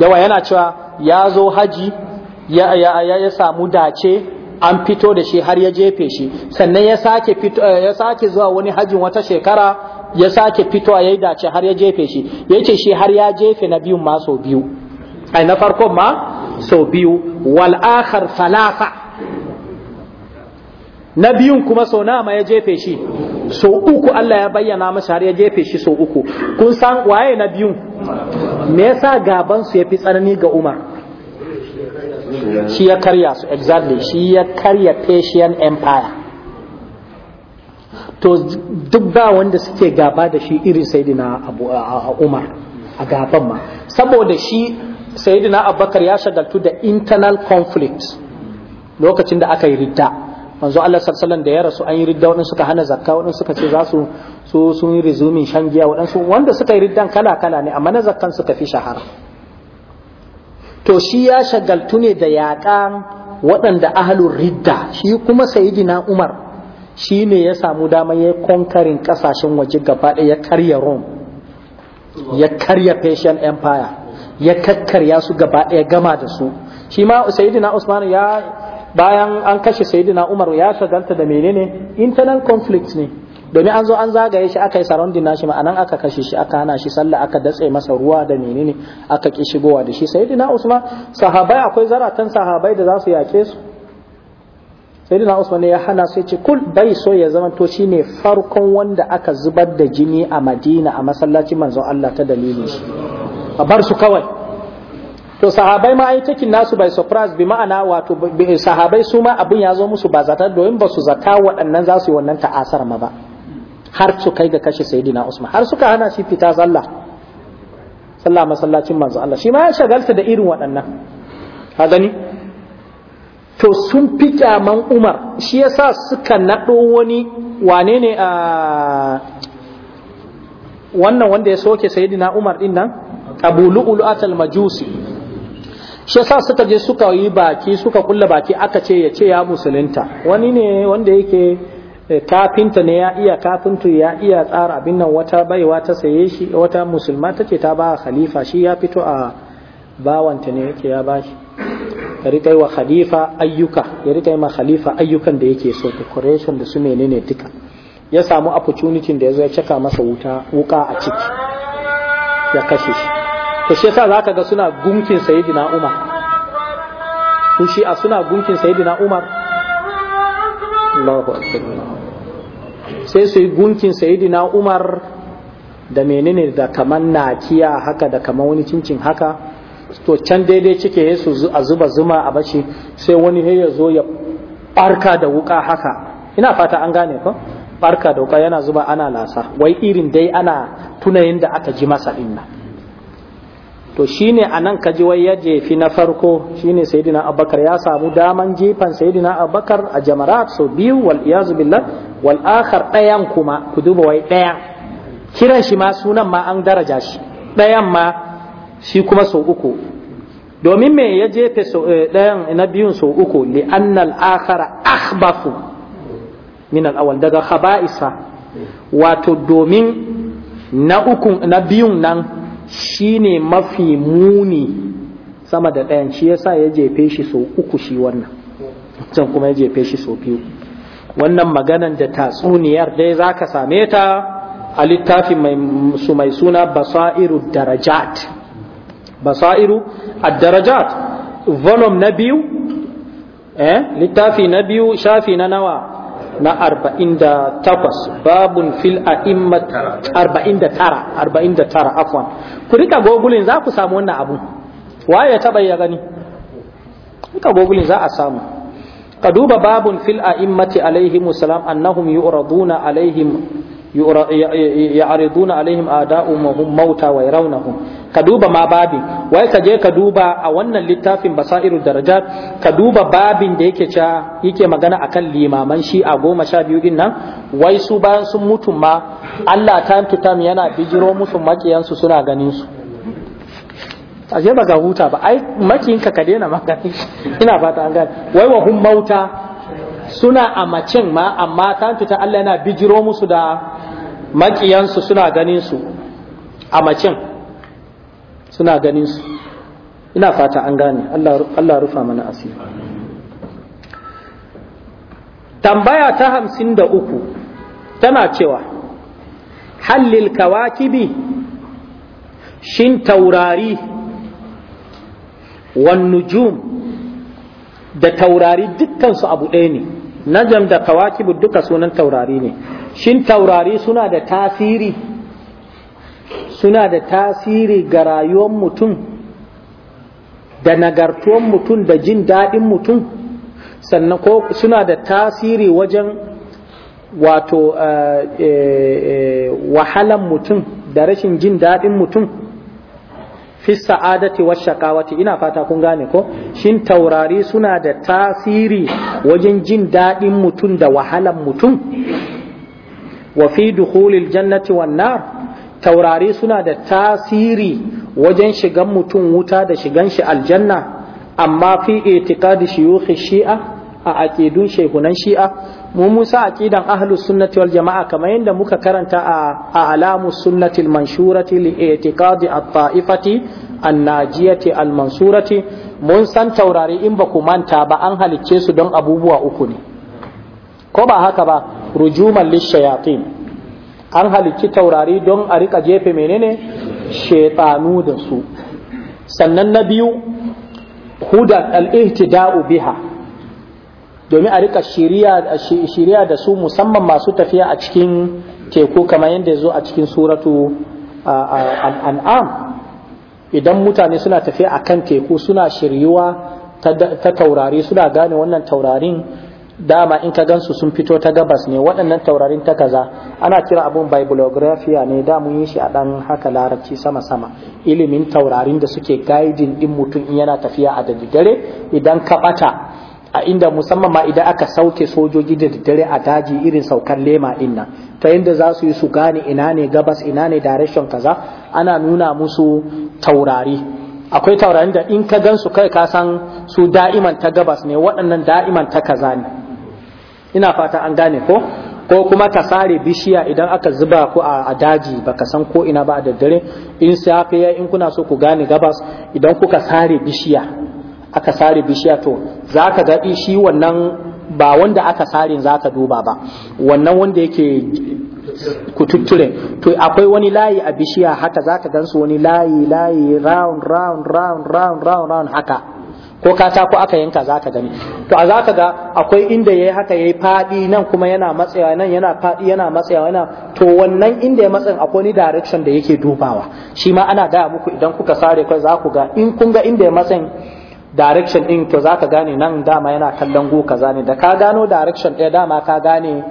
yawa yana cewa ya zo haji ya, ya, ya, ya samu dace an fito da shi har ya jefe shi sannan ya sake, ya sake zuwa wani hajin wata shekara ya sake fitowa ya yi dace har ya jefe shi ya ce shi har ya jefe na biyun ma sau biyu ai na farkon ma sau biyu wal akhar falafa na biyun kuma sau nama ya jefe shi sau uku Allah ya bayyana masa har ya jefe shi sau uku kun san waye na biyun me yasa gaban su yafi tsanani ga Umar shi ya karya su exactly shi ya karya Persian empire to duk ba wanda suke gaba da shi irin sayidina abu a umar a gaban ma saboda shi sayidina abubakar ya shagaltu da internal conflict lokacin da aka yi ridda manzo Allah sallallahu da ya rasu an yi ridda waɗansu suka hana zakka waɗansu suka ce za su so sun yi rizumin shan wadansu wanda suka yi riddan kala kala ne amma na zakkan suka fi shahara to shi ya shagaltu ne da yaƙan waɗanda ahalun ridda shi kuma sayidina Umar shi ne ya samu dama ya konkarin kasashen waje gaba ya karya rome ya karya persian empire ya kakkarya su gaba ya gama da su shi ma sayidina usman ya bayan an kashe sayidina umar ya shaganta da menene internal conflict ne domin an zo an zagaye shi aka yi surrounding nashi ma'anan aka kashe shi aka hana shi sallah aka datse masa ruwa da menene aka ki shigowa da shi sayidina usman sahabai akwai zaratan sahabai da za su yake su sai dina usman ya hana sai ce kul bai so ya zama to shine farkon wanda aka zubar da jini a madina a masallacin manzon Allah ta dalilin shi a bar su kawai to sahabai ma ai takin nasu by surprise bi ma'ana wato sahabai su ma abin ya zo musu ba zata domin ba su zata waɗannan za su yi wannan ta'asar ma ba har su kai ga kashe sayyidina usman har suka hana shi fita sallah sallah masallacin manzon Allah shi ma ya shagalta da irin waɗannan ka gani to sun fi kyaman umar shi yasa suka naɗo wani wane ne a wannan wanda ya soke sayidina umar din nan abu atal majusi shi yasa suka je suka yi baki suka kulla baki aka ce ya ce ya musulunta wani ne wanda yake eh, kafinta ne ya iya kafinta ya iya tsara abin nan wata baiwa ta saye shi wata musulma ta ce ta ba khalifa shi ya fito a bawanta ne yake ya bashi ya rika yi wa khalifa ayyuka ya rika yi ma khalifa ayyukan da yake so decoration da su menene duka ya samu opportunity da ya ya caka masa wuta wuka a ciki ya kashe shi to shi yasa zaka ga suna gunkin sayyidina Umar su shi a suna gunkin sayyidina Umar Allahu akbar sai su yi gunkin sayyidina Umar da menene da kaman nakiya haka da kaman wani cincin haka to can daidai cike Yesu a zuba zuma a bashi sai wani ya zo ya barka da wuka haka ina fata an gane ko barka da wuka yana zuba ana lasa wai irin dai ana tunayin da aka ji masa inna to shine anan ji wai ya jefi na farko shine sayyidina abubakar ya samu daman jifan sayyidina abubakar a jamarat so biyu wal iyazu billah wal akhar dayan kuma ku duba wai ɗaya, kiran shi ma sunan ma an daraja shi dayan ma shi kuma sau uku domin me ya jefe eh, ɗayan na biyun sau uku li annal akhara akhbathu min al daga khaba'isa wato domin na uku na biyun nan shine mafi muni sama da ɗayan shi yasa ya jefe shi sau uku shi wannan can kuma ya jefe shi sau biyu wannan maganan da tatsuniyar dai zaka same ta a littafin su mai suna basairu darajat basairu ad-darajat na biyu eh littafi na biyu shafi na nawa na 48 babun fil a'immat 49 49 afwan ku rika gogulin za ku samu wannan abu waye ya taba ya gani rika gogulin za a samu ka duba babun fil a'immati alaihim salam annahum yu'raduna alaihim yu'riduna alaihim ada'um mauta wa yarawnahum ka duba ma babin wai ka je ka duba a wannan littafin basairu darajat ka duba babin da yake cha yake magana akan limaman shi a goma sha biyu din nan wai su bayan sun mutu ma Allah ta to yana bijiro musu su suna ganin su aje ba ga huta ba ai makin ka ka daina magani ina fata an gane wai wa hum mauta suna a macin ma amma ta Allah yana bijiro musu da maƙiyansu suna ganin su a macin suna ganin su ina fata an gane Allah rufa mana asiri tambaya ta hamsin da uku tana cewa hallil kawakibi shin taurari wannujum da taurari dukkansu abu ɗaya ne najam da kawakibu duka sunan taurari ne shin taurari suna da tasiri suna da tasiri ga rayuwar mutum da nagartuwar mutum da jin daɗin mutum sannan ko suna da tasiri wajen wato eh, eh, eh, wahalan mutum da rashin jin daɗin mutum fi sa'adati wa shakawati ina fata kun gane ko shin taurari suna da tasiri wajen jin daɗin mutum da wahalan mutum wa fi jannati wan nar taurari suna da tasiri wajen shigan mutum wuta da shigan shi aljanna amma fi itiqadi shuyukh shi'a a aqidun shehunan shi'a mu musa aqidan ahlus sunnati wal jama'a kamar yadda muka karanta a alamus sunnati al manshurati li itiqadi at ta'ifati an najiyati al mansurati mun san taurari in ba ku manta ba an halicce su don abubuwa uku ne ko ba haka ba rujuman lishayatin an halicci taurari don a rika jefe menene shaitanu da su sannan na biyu hudan al-ihtida'u biha domin a rika shiriya da su musamman masu tafiya a cikin teku kamar yadda zo a cikin suratu an'am idan mutane suna tafiya a kan teku suna shiryuwa ta taurari suna gane wannan taurarin dama in ka gansu sun fito ta gabas ne waɗannan taurarin ta kaza ana kira abun bibliographiya ne da mun yi shi a ɗan haka larabci sama-sama ilimin taurarin da suke gaidin ɗin mutum in yana tafiya a daddare idan ka ɓata a inda musamman ma idan aka sauke sojoji da daddare a daji irin saukar lema inna nan ta yadda za su yi su gane ina ne gabas ina ne direction kaza ana nuna musu taurari akwai taurarin da in ka gansu kai ka san su da'iman ta gabas ne waɗannan da'iman ta kaza ne ina fata an gane ko ko kuma ka sare bishiya idan aka zuba ku a daji baka san ko ina ba a dare in safe ya in kuna so ku gane gabas idan kuka sare bishiya aka sare bishiya to za ka gaɗi shi wannan ba wanda aka sare za ka duba ba wannan wanda yake kututture to akwai wani layi a bishiya haka za ka gansu wani layi layi round round round round round round haka ko katako aka yanka za ka gani to a za ka ga akwai inda ya haka ya yi faɗi nan kuma yana matsayawa nan yana faɗi yana matsayawa yana to wannan inda ya matsayin akwai ni direction da yake dubawa shi ma ana gaya muku idan kuka sare kai za ku ga in kun ga inda ya matsayin direction din to za ka gane nan dama yana kallon go kaza ne da ka gano direction ɗaya dama ka gane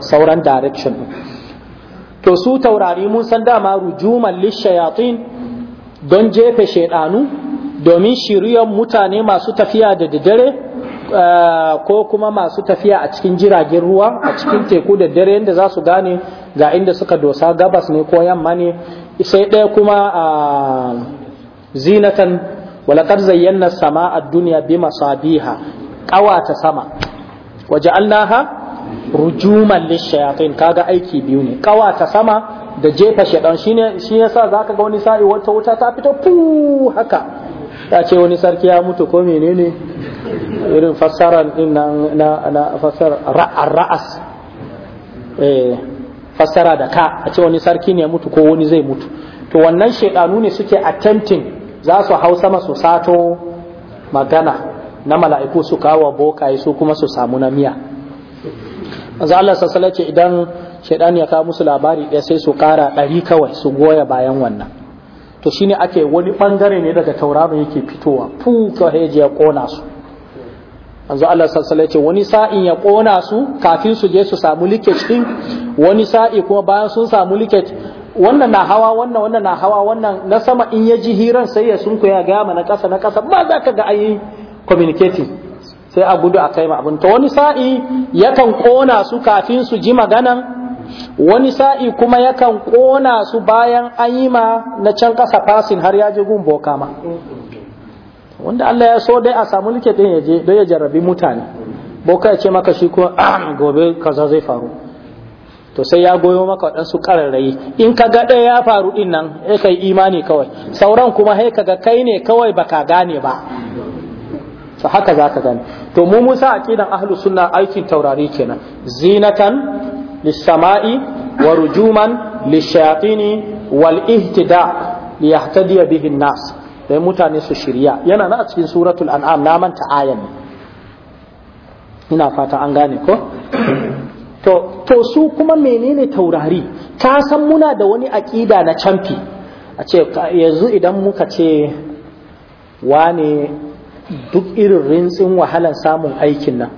sauran direction din to su taurari mun san dama rujuman lishayatin don jefe shaidanu domin shiriyar mutane masu tafiya da daddare, eh, ko kuma masu tafiya a cikin jiragen ruwa a cikin teku da dare yadda za su gane ga inda suka dosa gabas ne ko yamma ne sai ɗaya kuma a zinatan walakar zayyana sama a duniya bi masabiha ƙawata sama waje allaha rujuman lishayatin kaga aiki biyu ne ƙawata sama da jefa shaɗan shi ne sa za ka ga wani sa'i wata wuta ta fito fu haka ya ce wani sarki ya mutu ko menene irin fassarar din na na fassarar ra'as eh fassara da ka a ce wani sarki ne ya mutu ko wani zai mutu to wannan shedanu ne suke attempting za su hau sama su sato magana na mala'iku su kawo bokaye su kuma su samu na miya za Allah sassala ce idan shaidan ya kawo musu labari ɗaya sai su kara ɗari kawai su goya bayan wannan to shine ake wani bangare ne daga tauraron yake fitowa fu kaheji ya kona su manzo Allah sallallahu wani sa'i ya kona su kafin su je su samu liket din wani sa'i kuma bayan sun samu liket wannan na hawa wannan wannan na hawa wannan na sama in ya ji hiran sai ya sunku ya gama na kasa na kasa ba za ka ga ayi communicating sai a gudu a kai ma abin to wani sa'i yakan kona su kafin su ji maganan wani sa'i kuma yakan ƙona su bayan an yi na can ƙasa fasin har ya je gun boka ma wanda Allah ya so dai a samu like ɗin ya je don ya jarrabi mutane boka ya ce maka shi ko gobe kaza zai faru to sai ya goyo maka waɗansu ƙararrayi in ka ga ɗaya ya faru ɗin nan sai kai imani kawai sauran kuma sai ka ga kai ne kawai baka gane ba to haka za ka gane to mu musa aqidan ahlus sunna aikin taurari kenan zinatan للسماء ورجوما للشياطين والاهتداء ليهتدي به الناس dai mutane su shirya yana na a cikin suratul an'am na manta ayan ina fata an gane ko to to su kuma menene taurari ka san muna da wani aƙida na camfi a ce yanzu idan muka ce wane duk irin rintsin wahalar samun aikin nan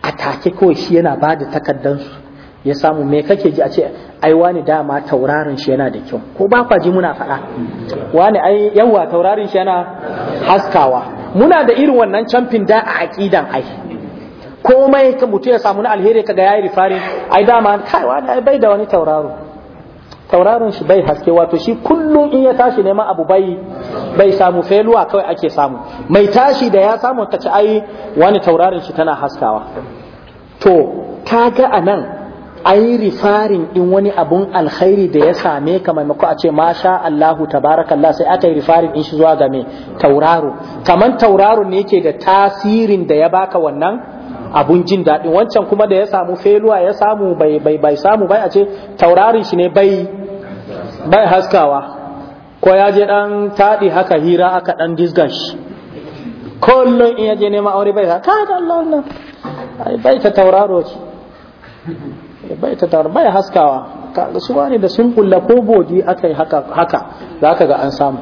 a take kawai shi yana ba da ya samu me kake ji a ce ai wani dama taurarin shi yana da kyau ko ba kwaji muna faɗa wani ai yawa taurarin shi yana haskawa muna da irin wannan camfin da a aqidan ai komai ka mutu ya samu na alheri kaga yayi rifari ai dama kai wani ai bai da wani tauraro tauraron shi bai haske wato shi kullum in ya tashi neman abu bai bai samu feluwa kawai ake samu mai tashi da ya samu ta ci ai wani tauraron shi tana haskawa to kaga anan ai rifarin din wani abun alkhairi da ya same ka maimako a ce masha Allahu tabarakallah sai aka yi rifarin din shi zuwa ga me tauraro kaman tauraro ne yake da tasirin da ya baka wannan abun jin daɗi wancan kuma da ya samu feluwa ya samu bai bai bai samu bai a ce taurarin shi ne bai bai haskawa ko ya je dan taɗi haka hira aka dan disgash kullum in ya je neman aure bai ka Allah Allah ai bai ta tauraro bai ta tar bai haskawa su ne da sun kulla ko bodi aka yi haka haka zaka ga an samu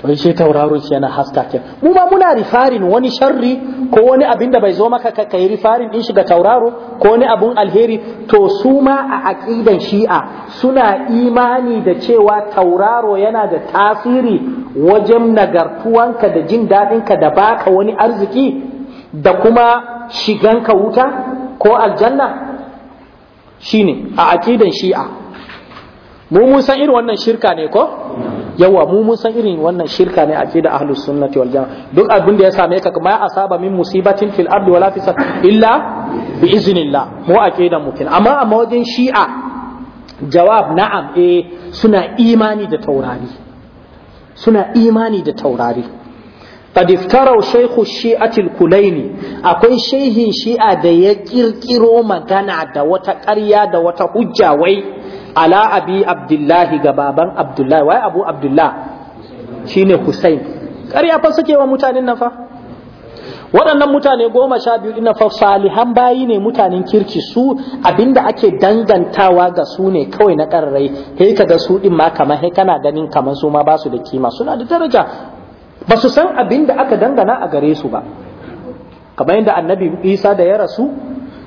to shi tauraro shi yana haska ke mu ma muna rifarin wani sharri ko wani abin da bai zo maka ka kai rifarin din shiga tauraro ko wani abun alheri to su ma a aqidan shi'a suna imani da cewa tauraro yana da tasiri wajen nagartuwanka da jin daɗinka da baka wani arziki da kuma shiganka wuta ko aljanna shine a aqidan shi'a mu mun san irin wannan shirka ne ko yawa mu mun san irin wannan shirka ne aqida ahlus sunnati wal jamaa duk abin da ya same ka kuma asaba min musibatin fil ardi wala fi fis illa bi iznillah mu aqida mukin amma amma wajen shi'a jawab na'am eh suna imani da taurari suna imani da taurari قد افتروا شيخ الشيعة da ya شيخ magana da wata ƙarya da وتقريا دا وتحجة وي على أبي عبد الله غبابا عبد الله وي أبو عبد الله شين حسين قريا فسكي ومتان النفا waɗannan mutane goma sha biyu ɗin fa salihan bayi ne mutanen kirki su abinda ake dangantawa ga su ne kawai na ƙarrai haika ka ga su ɗin ma kamar sai kana ganin kamar su ma ba su da kima suna da daraja ba su san abin da aka dangana a gare su ba kamar yadda annabi isa da ya rasu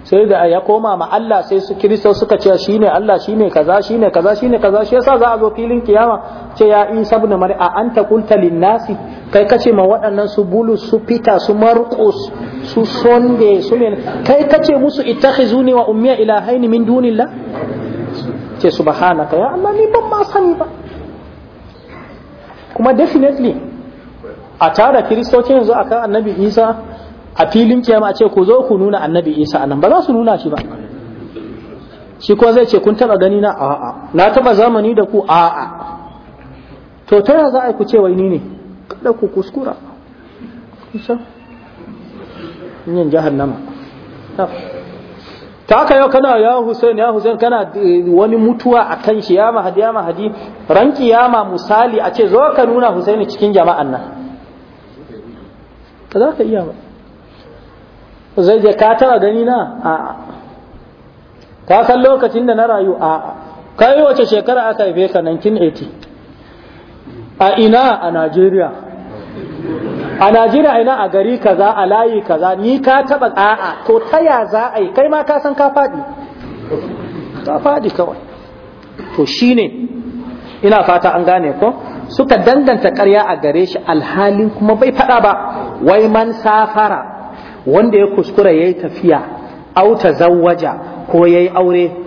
sai da ya koma ma Allah sai su kiristo suka ce ne Allah shi ne kaza shi ne kaza shi ne kaza shi yasa za a zo filin kiyama ce ya isa ibn mar'a anta qulta lin nasi kai kace ma waɗannan su bulus su pita su marqus su sonde su ne kai kace musu ittakhizuni wa ummiya ilahaini min dunillah ce subhanaka ya Amma ni ban ma sani ba kuma definitely a tara kiristoci yanzu akan annabi isa a filin kiyama a ce ku zo ku nuna annabi isa anan ba za su nuna shi ba shi ko zai ce kun taba gani na a'a na taba zamani da ku a'a to ta za a ku ce wai ni ne kada ku kuskura kusa yin jahannama ta haka yau kana ya Hussein ya Hussein kana eh, wani mutuwa a kan shi ya mahadi ya mahadi ran kiyama misali a ce zo ka nuna Hussein cikin jama'an nan ba za ka iya ba zai je ka taɓa gani na a'a ka san lokacin da na rayu a'a kai wace shekara aka haife ka 1980 a ina a Najeriya a Najeriya ina a gari kaza a layi kaza ni ka taɓa a'a to ta ya za a yi kai ma ka san ka faɗi ka faɗi kawai to shine ina fata an gane ko suka danganta ƙarya a gare shi alhalin kuma bai faɗa ba wai man safara wanda ya kuskura ya yi tafiya auta zawaja, ko ya yi aure